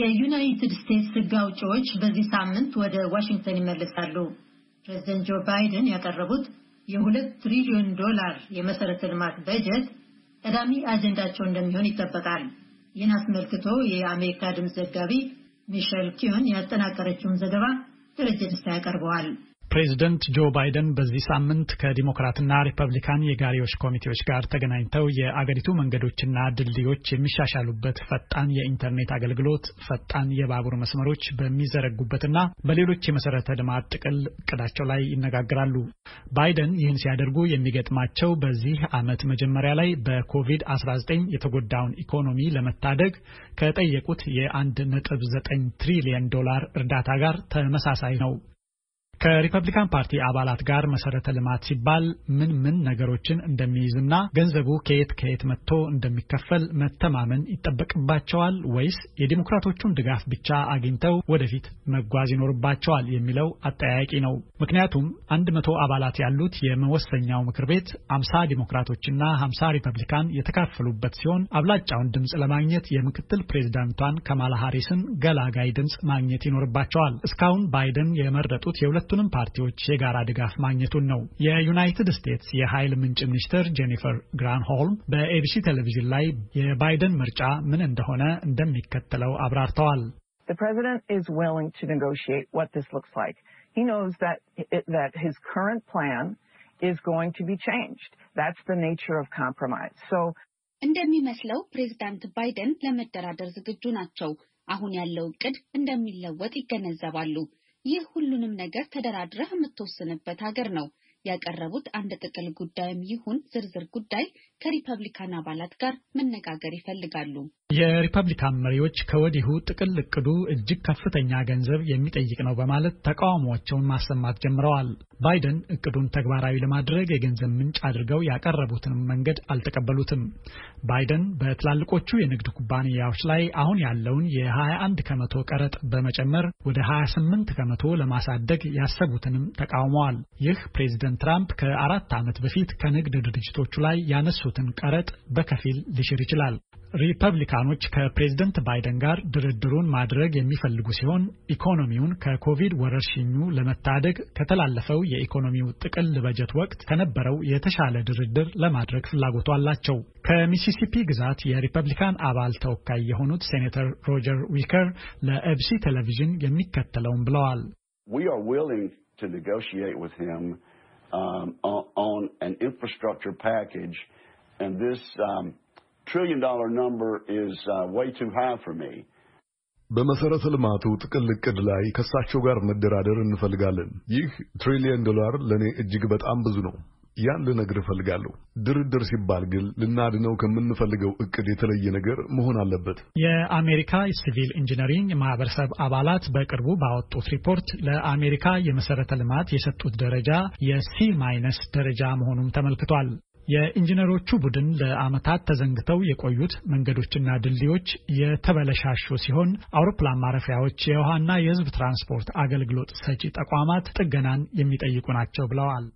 የዩናይትድ ስቴትስ ሕግ አውጪዎች በዚህ ሳምንት ወደ ዋሽንግተን ይመለሳሉ። ፕሬዚደንት ጆ ባይደን ያቀረቡት የሁለት ትሪሊዮን ዶላር የመሰረተ ልማት በጀት ቀዳሚ አጀንዳቸው እንደሚሆን ይጠበቃል። ይህን አስመልክቶ የአሜሪካ ድምፅ ዘጋቢ ሚሸል ኪዮን ያጠናቀረችውን ዘገባ ደረጀ ደስታ ያቀርበዋል። ፕሬዚደንት ጆ ባይደን በዚህ ሳምንት ከዲሞክራትና ሪፐብሊካን የጋሪዎች ኮሚቴዎች ጋር ተገናኝተው የአገሪቱ መንገዶችና ድልድዮች የሚሻሻሉበት ፈጣን የኢንተርኔት አገልግሎት፣ ፈጣን የባቡር መስመሮች በሚዘረጉበትና በሌሎች የመሰረተ ልማት ጥቅል እቅዳቸው ላይ ይነጋገራሉ። ባይደን ይህን ሲያደርጉ የሚገጥማቸው በዚህ ዓመት መጀመሪያ ላይ በኮቪድ-19 የተጎዳውን ኢኮኖሚ ለመታደግ ከጠየቁት የ1.9 ትሪሊየን ዶላር እርዳታ ጋር ተመሳሳይ ነው። ከሪፐብሊካን ፓርቲ አባላት ጋር መሰረተ ልማት ሲባል ምን ምን ነገሮችን እንደሚይዝና ገንዘቡ ከየት ከየት መጥቶ እንደሚከፈል መተማመን ይጠበቅባቸዋል ወይስ የዲሞክራቶቹን ድጋፍ ብቻ አግኝተው ወደፊት መጓዝ ይኖርባቸዋል የሚለው አጠያያቂ ነው። ምክንያቱም አንድ መቶ አባላት ያሉት የመወሰኛው ምክር ቤት አምሳ ዲሞክራቶችና ሀምሳ ሪፐብሊካን የተካፈሉበት ሲሆን አብላጫውን ድምፅ ለማግኘት የምክትል ፕሬዚዳንቷን ከማላ ሃሪስን ገላጋይ ድምፅ ማግኘት ይኖርባቸዋል። እስካሁን ባይደን የመረጡት የሁለ የሁለቱንም ፓርቲዎች የጋራ ድጋፍ ማግኘቱን ነው። የዩናይትድ ስቴትስ የኃይል ምንጭ ሚኒስትር ጄኒፈር ግራንሆልም በኤቢሲ ቴሌቪዥን ላይ የባይደን ምርጫ ምን እንደሆነ እንደሚከተለው አብራርተዋል። እንደሚመስለው ፕሬዚዳንት ባይደን ለመደራደር ዝግጁ ናቸው። አሁን ያለው እቅድ እንደሚለወጥ ይገነዘባሉ። ይህ ሁሉንም ነገር ተደራድረህ የምትወስንበት ሀገር ነው። ያቀረቡት አንድ ጥቅል ጉዳይም ይሁን ዝርዝር ጉዳይ ከሪፐብሊካን አባላት ጋር መነጋገር ይፈልጋሉ። የሪፐብሊካን መሪዎች ከወዲሁ ጥቅል እቅዱ እጅግ ከፍተኛ ገንዘብ የሚጠይቅ ነው በማለት ተቃውሟቸውን ማሰማት ጀምረዋል። ባይደን እቅዱን ተግባራዊ ለማድረግ የገንዘብ ምንጭ አድርገው ያቀረቡትንም መንገድ አልተቀበሉትም። ባይደን በትላልቆቹ የንግድ ኩባንያዎች ላይ አሁን ያለውን የ21 ከመቶ ቀረጥ በመጨመር ወደ 28 ከመቶ ለማሳደግ ያሰቡትንም ተቃውመዋል። ይህ ፕሬዚደንት ፕሬዝዳንት ትራምፕ ከአራት ዓመት በፊት ከንግድ ድርጅቶቹ ላይ ያነሱትን ቀረጥ በከፊል ሊሽር ይችላል። ሪፐብሊካኖች ከፕሬዝደንት ባይደን ጋር ድርድሩን ማድረግ የሚፈልጉ ሲሆን ኢኮኖሚውን ከኮቪድ ወረርሽኙ ለመታደግ ከተላለፈው የኢኮኖሚው ጥቅል በጀት ወቅት ከነበረው የተሻለ ድርድር ለማድረግ ፍላጎቱ አላቸው። ከሚሲሲፒ ግዛት የሪፐብሊካን አባል ተወካይ የሆኑት ሴኔተር ሮጀር ዊከር ለኤብሲ ቴሌቪዥን የሚከተለውን ብለዋል። Um, on an infrastructure package, and this um, trillion-dollar number is uh, way too high for me. በመሰረተ ልማቱ ጥቅል እቅድ ላይ ከእሳቸው ጋር መደራደር እንፈልጋለን። ይህ ትሪሊየን ዶላር ለእኔ እጅግ በጣም ብዙ ነው። ያን ልነግርህ እፈልጋለሁ። ድርድር ሲባል ግን ልናድነው ከምንፈልገው እቅድ የተለየ ነገር መሆን አለበት። የአሜሪካ ሲቪል ኢንጂነሪንግ ማህበረሰብ አባላት በቅርቡ ባወጡት ሪፖርት ለአሜሪካ የመሰረተ ልማት የሰጡት ደረጃ የሲ ማይነስ ደረጃ መሆኑም ተመልክቷል። የኢንጂነሮቹ ቡድን ለዓመታት ተዘንግተው የቆዩት መንገዶችና ድልድዮች የተበለሻሹ ሲሆን አውሮፕላን ማረፊያዎች፣ የውሃና የሕዝብ ትራንስፖርት አገልግሎት ሰጪ ተቋማት ጥገናን የሚጠይቁ ናቸው ብለዋል።